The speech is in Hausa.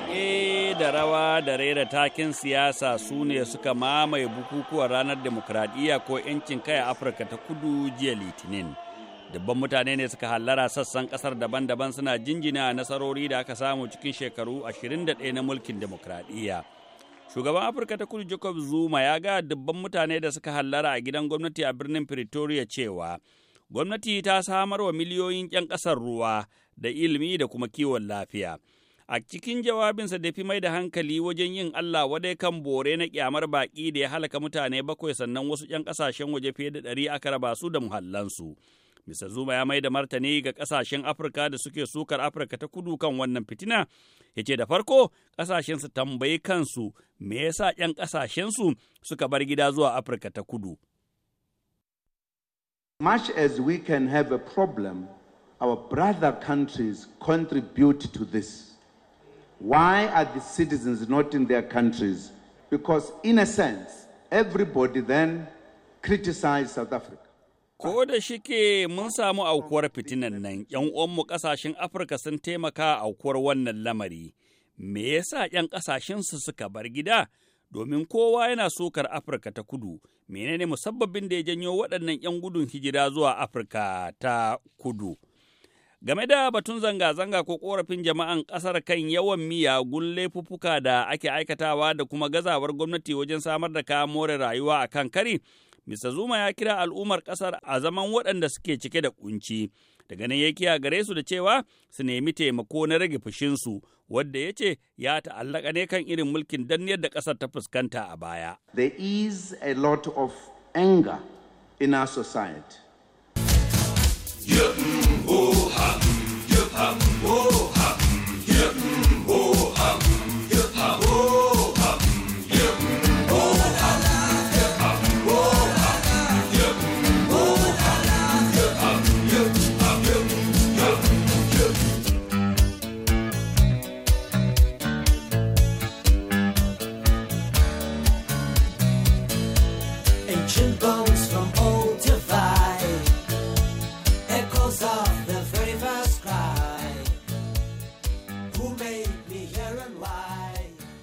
waƙe da rawa da raira takin siyasa su ne suka mamaye bukukuwan ranar demokradiyya ko 'yancin kai a Afirka ta kudu jiya Litinin. Dubban mutane ne suka hallara sassan kasar daban-daban suna jinjina nasarori da aka samu cikin shekaru 21 na mulkin demokradiyya. Shugaban Afirka ta kudu Jacob Zuma ya ga dubban mutane da suka hallara a gidan gwamnati a birnin Pretoria cewa gwamnati ta samar wa miliyoyin 'yan ƙasar ruwa da ilimi da kuma kiwon lafiya. A cikin jawabinsa da fi mai da hankali wajen yin Allah wadai kan bore na kyamar baƙi da ya halaka mutane bakwai sannan wasu ‘yan ƙasashen waje fiye da ɗari aka raba su da muhallansu. Mr. Zuma ya mai da martani ga ƙasashen Afirka da suke sukar Afirka ta kudu kan wannan fitina, ya ce da farko ƙasashen su tambayi kansu me yasa ‘yan ƙasashen su suka bar gida zuwa Afirka ta kudu. Much as we can have a problem, our brother countries contribute to this. Why are the citizens not in their countries? Because, in a sense, everybody then criticized South Africa. Ko da shike mun samu aukuwar fitinan nan, ‘yan uwanmu ƙasashen Afirka sun taimaka aukuwar wannan lamari. Me yasa ‘yan ƙasashensu suka bar gida? Domin kowa yana sokar Afirka ta kudu, menene musabbabin da ya janyo waɗannan ‘yan gudun hijira zuwa Afirka ta kudu? Game da batun zanga-zanga ko korafin jama'an ƙasar kan yawan miyagun laifuffuka da ake aikatawa da kuma gazawar gwamnati wajen samar da kayan more rayuwa a kan kari, Mr. Zuma ya kira al'ummar ƙasar a zaman waɗanda suke cike da kunci. Daga nan ya kiya gare su da cewa su nemi taimako na rage fushinsu, wadda ya ce ya ta'allaka ne kan irin mulkin danniyar da ƙasar ta fuskanta a baya. There is a of anger in society. cry.